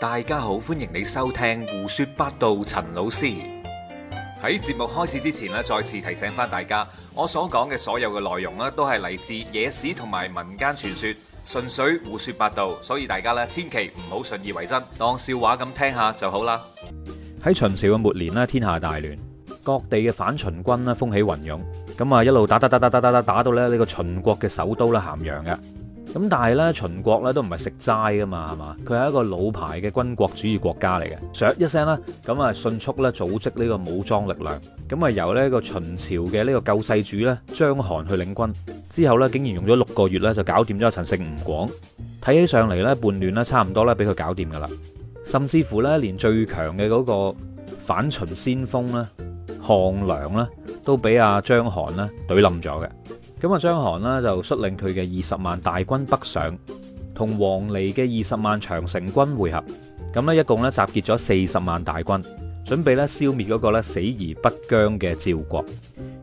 大家好，歡迎你收聽胡說八道。陳老師喺節目開始之前咧，再次提醒返大家，我所講嘅所有嘅內容咧，都係嚟自野史同埋民間傳說，純粹胡說八道，所以大家咧千祈唔好信以為真，當笑話咁聽下就好啦。喺秦朝嘅末年咧，天下大亂，各地嘅反秦軍咧風起雲湧，咁啊一路打打打打打打打，打，打到咧呢個秦國嘅首都啦咸陽嘅。咁但係呢秦國呢都唔係食齋噶嘛，係嘛？佢係一個老牌嘅軍國主義國家嚟嘅，上一聲呢，咁啊迅速呢組織呢個武裝力量，咁啊由呢個秦朝嘅呢個救世主呢章邯去領軍之後呢，竟然用咗六個月呢就搞掂咗陳勝吳廣，睇起上嚟呢叛亂呢差唔多呢俾佢搞掂噶啦，甚至乎呢，連最強嘅嗰個反秦先鋒呢項梁呢都俾阿章邯咧懟冧咗嘅。咁啊，章邯呢，就率領佢嘅二十萬大軍北上，同王離嘅二十萬長城軍會合，咁呢，一共呢，集結咗四十萬大軍，準備呢，消滅嗰個呢死而不僵嘅趙國。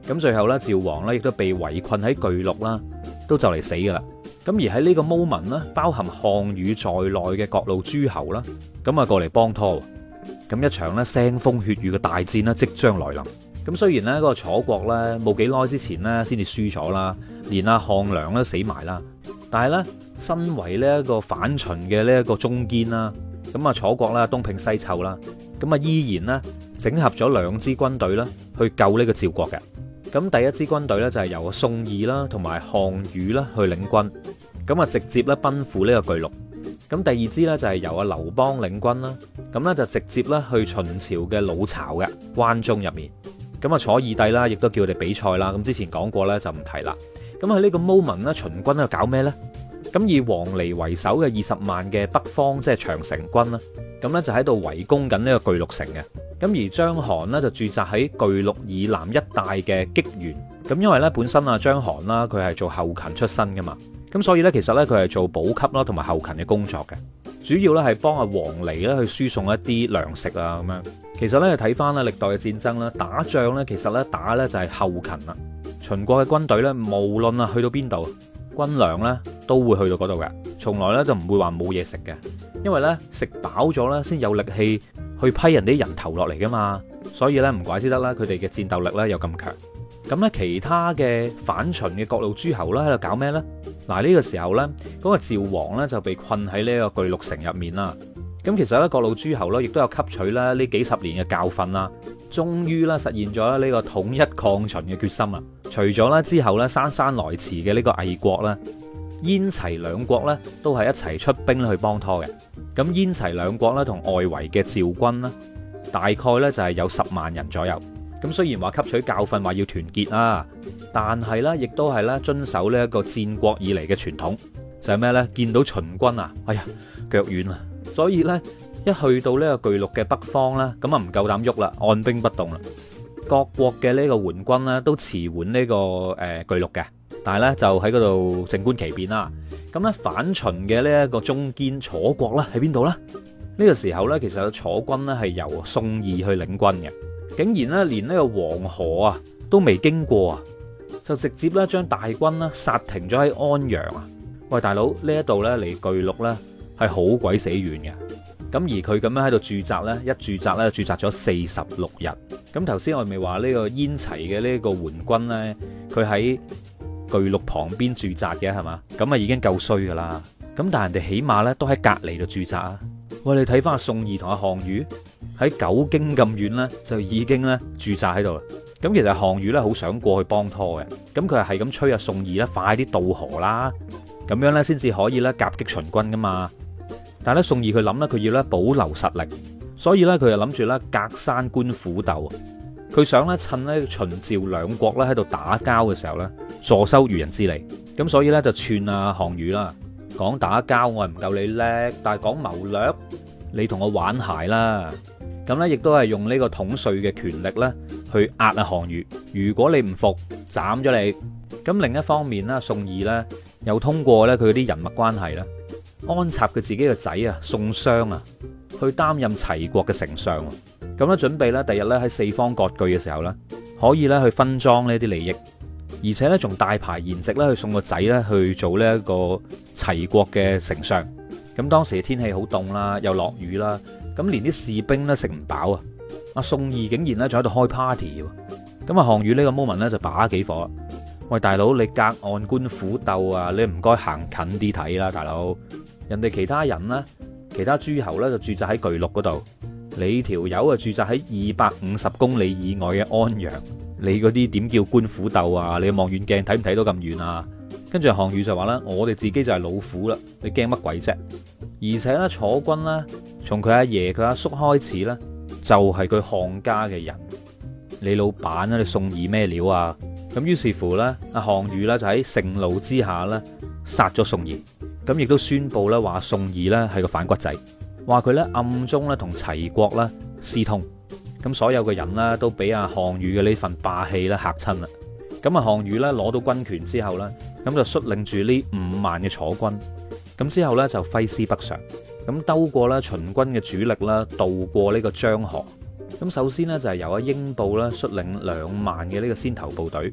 咁最後呢，趙王呢，亦都被圍困喺钜鹿啦，都就嚟死噶啦。咁而喺呢個 moment 包含項羽在內嘅各路諸侯啦，咁啊過嚟幫拖。咁一場呢，腥風血雨嘅大戰呢，即將來臨。咁雖然呢個楚國呢，冇幾耐之前呢，先至輸咗啦，連阿項梁都死埋啦。但係呢，身為呢一個反秦嘅呢一個中堅啦，咁啊楚國呢，東拼西湊啦，咁啊依然呢整合咗兩支軍隊啦，去救呢個趙國嘅。咁第一支軍隊呢，就係由宋義啦同埋項羽啦去領軍，咁啊直接咧奔赴呢個巨鹿。咁第二支呢，就係由阿劉邦領軍啦，咁呢，就直接咧去秦朝嘅老巢嘅關中入面。咁啊，楚義帝啦，亦都叫佢哋比賽啦。咁之前講過咧，就唔提啦。咁喺呢個 moment 呢，秦軍喺度搞咩呢？咁以王離為首嘅二十萬嘅北方即係長城軍啦，咁咧就喺度圍攻緊呢個巨鹿城嘅。咁而章邯呢，就駐紮喺巨鹿以南一帶嘅棘原。咁因為呢本身啊章邯啦，佢係做後勤出身噶嘛，咁所以呢，其實呢，佢係做補給啦同埋後勤嘅工作嘅。主要咧係幫阿王離咧去輸送一啲糧食啊咁樣。其實咧睇翻咧歷代嘅戰爭啦。打仗咧其實咧打咧就係後勤啦。秦國嘅軍隊咧，無論啊去到邊度，軍糧咧都會去到嗰度嘅，從來咧就唔會話冇嘢食嘅。因為咧食飽咗咧，先有力氣去批人啲人頭落嚟噶嘛。所以咧唔怪之得啦，佢哋嘅戰鬥力咧又咁強。咁咧，其他嘅反秦嘅各路諸侯咧，喺度搞咩呢？嗱，呢個時候呢，嗰個趙王咧就被困喺呢個巨鹿城入面啦。咁其實呢各路諸侯咧，亦都有吸取啦呢幾十年嘅教訓啦，終於啦實現咗呢個統一抗秦嘅決心啦。除咗啦之後呢，姍姍來遲嘅呢個魏國呢，燕齊兩國咧，都係一齊出兵去幫拖嘅。咁燕齊兩國咧，同外圍嘅趙軍呢，大概呢就係有十萬人左右。咁雖然話吸取教訓，話要團結啊，但係咧，亦都係咧遵守呢一個戰國以嚟嘅傳統，就係咩咧？見到秦軍啊，哎呀，腳軟啊，所以咧，一去到呢個巨鹿嘅北方咧，咁啊唔夠膽喐啦，按兵不動啦。各國嘅呢個援軍呢，都遲緩呢、這個誒、呃、巨鹿嘅，但係咧就喺嗰度靜觀其變啦。咁咧反秦嘅呢一個中堅楚國咧喺邊度咧？呢、這個時候咧，其實楚軍咧係由宋義去領軍嘅。竟然咧，連呢個黃河啊都未經過啊，就直接咧將大軍咧刹停咗喺安陽啊！喂，大佬呢一度咧離巨鹿咧係好鬼死遠嘅，咁而佢咁樣喺度駐紮咧，一駐紮咧駐紮咗四十六日。咁頭先我咪話呢個燕齊嘅呢個援軍咧，佢喺巨鹿旁邊駐紮嘅係嘛？咁啊已經夠衰噶啦。咁但係人哋起碼咧都喺隔籬度駐紮啊！喂，你睇翻阿宋義同阿項羽。喺九京咁遠咧，就已經咧駐紮喺度啦。咁其實項羽咧好想過去幫拖嘅，咁佢係咁催啊宋義咧快啲渡河啦，咁樣咧先至可以咧夾擊秦軍㗎嘛。但係咧宋義佢諗咧佢要咧保留實力，所以咧佢就諗住咧隔山觀虎鬥，佢想咧趁咧秦趙兩國咧喺度打交嘅時候咧坐收漁人之利，咁所以咧就串啊項羽啦，講打交我係唔夠你叻，但係講謀略，你同我玩鞋啦。咁咧，亦都係用呢個統帥嘅權力咧，去壓啊項羽。如果你唔服，斬咗你。咁另一方面呢，宋義呢又通過咧佢啲人脈關係呢，安插佢自己嘅仔啊，宋襄啊，去擔任齊國嘅丞相。咁咧，準備咧，第日咧喺四方割據嘅時候咧，可以咧去分贓呢啲利益，而且咧仲大排筵席咧去送個仔咧去做呢一個齊國嘅丞相。咁當時嘅天氣好凍啦，又落雨啦。咁連啲士兵咧食唔飽啊！阿宋義竟然咧仲喺度開 party 喎！咁啊，項羽呢個 moment 咧就把幾火。喂，大佬你隔岸觀虎鬥啊，你唔該行近啲睇啦，大佬。人哋其他人呢，其他諸侯呢，就駐紮喺巨鹿嗰度，你條友啊駐紮喺二百五十公里以外嘅安陽。你嗰啲點叫觀虎鬥啊？你望遠鏡睇唔睇到咁遠啊？跟住啊，項羽就話啦：我哋自己就係老虎啦，你驚乜鬼啫？而且咧，楚軍呢。」從佢阿爺、佢阿叔開始呢，就係佢項家嘅人。你老闆啦，你宋義咩料啊？咁於是乎呢，阿項羽呢就喺盛怒之下呢殺咗宋義。咁亦都宣佈呢，話宋義呢係個反骨仔，話佢呢暗中呢同齊國呢私通。咁所有嘅人呢都俾阿項羽嘅呢份霸氣呢嚇親啦。咁啊，項羽呢攞到軍權之後呢，咁就率領住呢五萬嘅楚軍，咁之後呢，就揮師北上。咁兜過啦秦軍嘅主力啦，渡過呢個漳河。咁首先呢就係由阿英布咧率領兩萬嘅呢個先頭部隊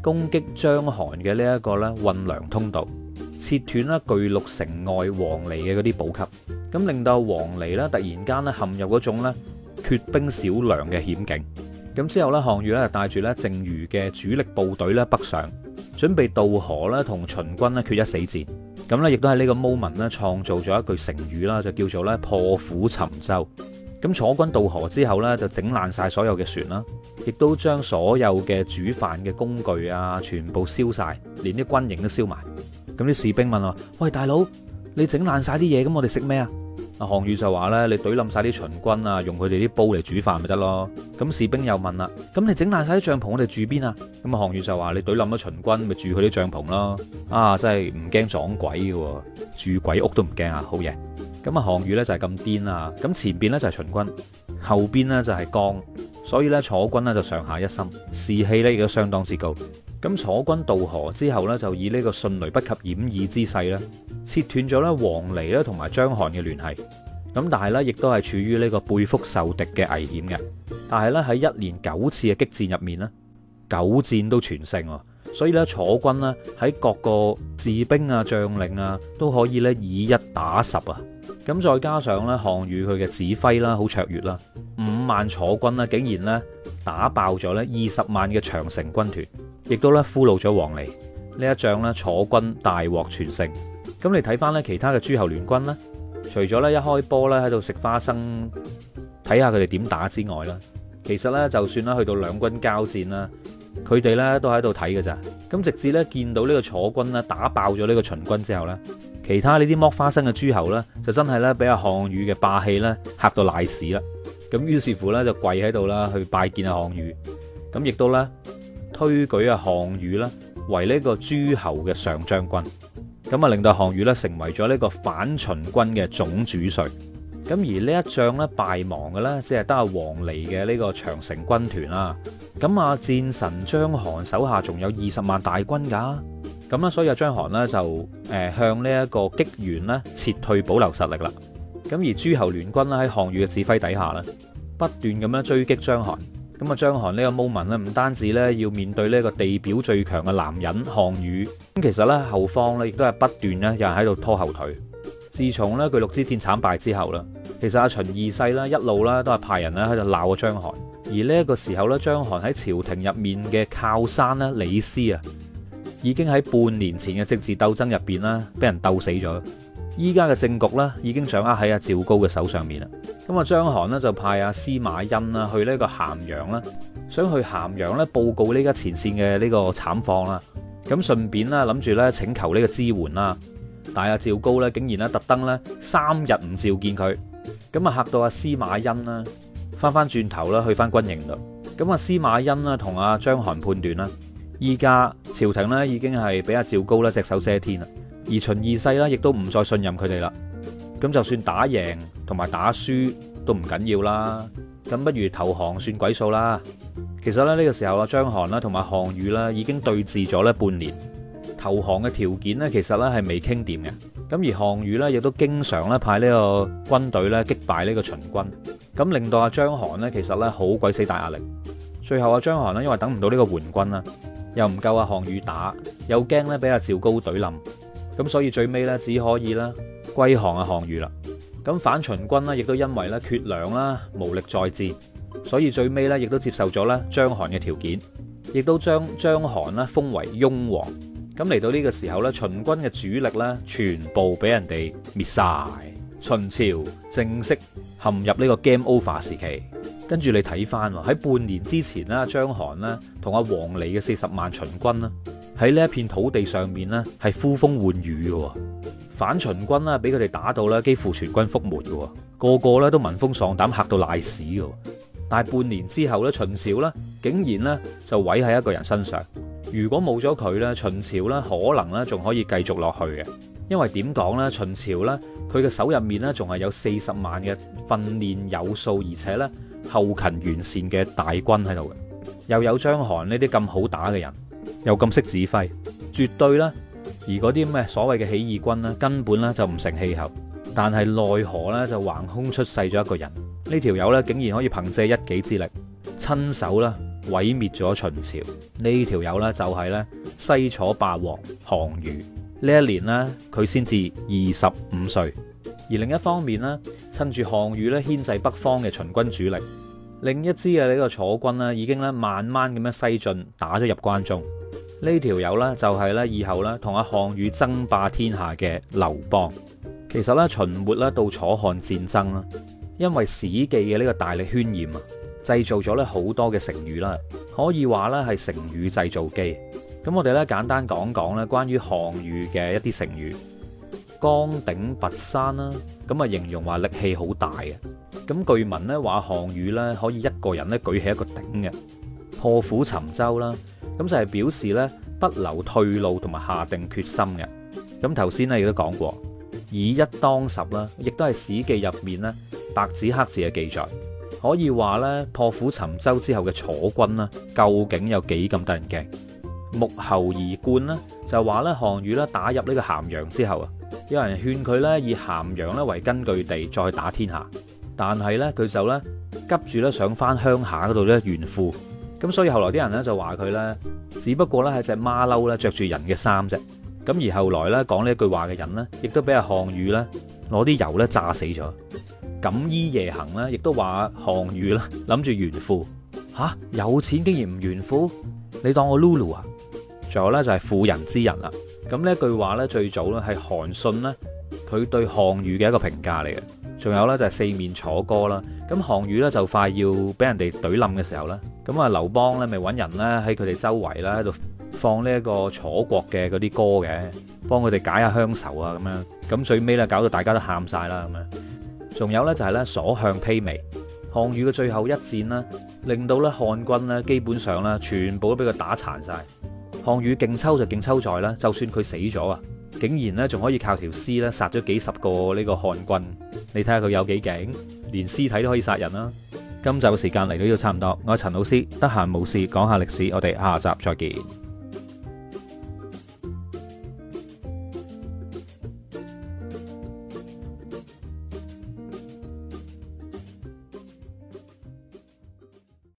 攻擊漳韓嘅呢一個咧運糧通道，切斷啦巨鹿城外王離嘅嗰啲補給。咁令到王離咧突然間咧陷入嗰種咧缺兵少糧嘅險境。咁之後呢項羽咧帶住呢剩餘嘅主力部隊呢北上，準備渡河咧同秦軍呢決一死戰。咁咧，亦都喺呢個 moment 咧創造咗一句成語啦，就叫做咧破釜沉舟。咁楚軍渡河之後咧，就整爛晒所有嘅船啦，亦都將所有嘅煮飯嘅工具啊，全部燒晒，連啲軍營都燒埋。咁啲士兵問啊：，喂，大佬，你整爛晒啲嘢，咁我哋食咩啊？項羽就話咧：，你懟冧晒啲秦軍啊，用佢哋啲煲嚟煮飯咪得咯。咁士兵又問啦：，咁你整爛晒啲帳篷，我哋住邊啊？咁項羽就話：，你懟冧咗秦軍，咪住佢啲帳篷咯。啊，真係唔驚撞鬼嘅，住鬼屋都唔驚啊，好嘢！咁啊，項羽呢就係咁癲啊。咁前邊呢就係秦軍，後邊呢就係江，所以呢，楚軍呢就上下一心，士氣呢亦都相當之高。咁楚軍渡河之後呢，就以呢個迅雷不及掩耳之勢咧。切斷咗咧，王離咧同埋章邯嘅聯繫，咁但係咧，亦都係處於呢個背腹受敵嘅危險嘅。但係咧喺一連九次嘅激戰入面咧，九戰都全勝，所以咧楚軍咧喺各個士兵啊、將領啊都可以咧以一打十啊。咁再加上咧項羽佢嘅指揮啦，好卓越啦，五萬楚軍咧竟然咧打爆咗咧二十萬嘅長城軍團，亦都咧俘虜咗王離，呢一仗呢，楚軍大獲全勝。咁你睇翻，呢其他嘅諸侯聯軍呢，除咗呢一開波咧喺度食花生睇下佢哋點打之外啦，其實呢，就算啦去到兩軍交戰啦，佢哋呢都喺度睇㗎。咋。咁直至呢見到呢個楚軍呢打爆咗呢個秦軍之後呢，其他呢啲剝花生嘅諸侯呢，就真係呢俾阿項羽嘅霸氣呢嚇到賴屎啦。咁於是乎呢，就跪喺度啦去拜見阿項羽，咁亦都呢推舉啊項羽啦為呢個諸侯嘅上將軍。咁啊，令到項羽咧成為咗呢個反秦軍嘅總主帥。咁而呢一仗咧敗亡嘅咧，只係得阿王離嘅呢個長城軍團啦。咁阿戰神張韓手下仲有二十萬大軍噶。咁所以阿張韓呢就誒向呢一個激援呢撤退，保留實力啦。咁而諸侯聯軍呢喺項羽嘅指揮底下呢，不斷咁樣追擊張韓。咁啊，張韓呢個 moment 呢，唔單止呢要面對呢個地表最強嘅男人項羽，咁其實呢，後方呢亦都係不斷呢有人喺度拖後腿。自從呢，巨鹿之戰慘敗之後呢其實阿秦二世啦一路啦都係派人咧喺度鬧阿張韓。而呢一個時候呢，張韓喺朝廷入面嘅靠山呢，李斯啊，已經喺半年前嘅政治鬥爭入邊啦，俾人鬥死咗。依家嘅政局呢，已經掌握喺阿趙高嘅手上面啦。咁啊，章邯呢，就派阿司馬欣啦去呢個咸陽啦，想去咸陽咧報告呢家前線嘅呢個慘況啦。咁順便啦，諗住咧請求呢個支援啦。但阿趙高咧竟然咧特登咧三日唔召見佢，咁啊嚇到阿司馬欣啦，翻翻轉頭啦去翻軍營度。咁啊，司馬欣啦同阿章邯判斷啦，依家朝廷呢，已經係俾阿趙高呢隻手遮天啦，而秦二世呢，亦都唔再信任佢哋啦。咁就算打贏，同埋打輸都唔緊要啦，咁不如投降算鬼數啦。其實咧呢個時候啊，章邯啦同埋項羽啦已經對峙咗咧半年，投降嘅條件咧其實咧係未傾掂嘅。咁而項羽咧亦都經常咧派呢個軍隊咧擊敗呢個秦軍，咁令到阿章邯咧其實咧好鬼死大壓力。最後阿章邯咧因為等唔到呢個援軍啦，又唔夠阿項羽打，又驚咧俾阿趙高隊冧，咁所以最尾咧只可以啦歸降阿項羽啦。咁反秦軍咧，亦都因為咧缺糧啦，無力再戰，所以最尾咧，亦都接受咗咧章邯嘅條件，亦都將章邯咧封為雍王。咁嚟到呢個時候咧，秦軍嘅主力咧全部俾人哋滅晒。秦朝正式陷入呢個 game over 時期。跟住你睇翻喺半年之前咧，章邯咧同阿王離嘅四十萬秦軍啦，喺呢一片土地上面咧係呼風喚雨嘅喎。反秦軍啦，俾佢哋打到咧，幾乎全軍覆沒嘅喎，個個咧都聞風喪膽，嚇到瀨屎嘅。但係半年之後咧，秦朝咧竟然咧就毀喺一個人身上。如果冇咗佢咧，秦朝咧可能咧仲可以繼續落去嘅，因為點講呢？秦朝咧佢嘅手入面咧仲係有四十萬嘅訓練有素，而且咧後勤完善嘅大軍喺度嘅，又有章邯呢啲咁好打嘅人，又咁識指揮，絕對咧。而嗰啲咩所謂嘅起義軍呢，根本呢就唔成氣候。但係奈何呢，就橫空出世咗一個人，呢條友呢，竟然可以憑借一己之力，親手咧毀滅咗秦朝。呢條友呢，就係呢西楚霸王項羽。呢一年呢，佢先至二十五歲。而另一方面呢，趁住項羽咧牽制北方嘅秦軍主力，另一支嘅呢個楚軍呢，已經咧慢慢咁樣西進，打咗入關中。呢條友呢，就係呢以後呢同阿項羽爭霸天下嘅劉邦。其實呢，秦末呢到楚漢戰爭啦，因為《史記》嘅呢個大力渲染啊，製造咗呢好多嘅成語啦，可以話呢係成語製造機。咁我哋呢，簡單講講呢關於項羽嘅一啲成語，扛鼎拔山啦，咁啊形容話力氣好大嘅。咁據聞呢，話項羽呢可以一個人呢舉起一個鼎嘅，破釜沉舟啦。咁就係表示咧，不留退路同埋下定決心嘅。咁頭先咧亦都講過，以一當十啦，亦都係《史記》入面咧白紙黑字嘅記載，可以話咧破釜沉舟之後嘅楚軍啦，究竟有幾咁得人驚？沐猴而冠啦，就話咧項羽啦打入呢個咸陽之後啊，有人勸佢咧以咸陽咧為根據地再打天下，但係咧佢就咧急住咧想翻鄉下嗰度咧炫富。咁所以後來啲人咧就話佢咧，只不過咧係隻馬騮咧，著住人嘅衫啫。咁而後來咧講呢一句話嘅人呢，亦都俾阿項羽咧攞啲油咧炸死咗。錦衣夜行呢，亦都話項羽啦，諗住炫富吓，有錢竟然唔炫富，你當我 Lulu 啊？仲有咧就係婦人之仁啦。咁呢一句話咧最早咧係韓信咧，佢對項羽嘅一個評價嚟嘅。仲有咧就係四面楚歌啦。咁項羽咧就快要俾人哋懟冧嘅時候咧。咁啊，劉邦咧，咪揾人咧喺佢哋周圍啦，喺度放呢一個楚國嘅嗰啲歌嘅，幫佢哋解下鄉愁啊，咁樣。咁最尾咧，搞到大家都喊晒啦，咁樣。仲有呢，就係呢所向披靡，項羽嘅最後一戰啦，令到呢漢軍呢基本上呢全部都俾佢打殘晒。項羽勁抽就勁抽在啦，就算佢死咗啊，竟然呢仲可以靠條屍咧殺咗幾十個呢個漢軍。你睇下佢有幾勁，連屍體都可以殺人啦。今集嘅時間嚟到都差唔多，我係陳老師，得閒冇事講下歷史，我哋下集再見。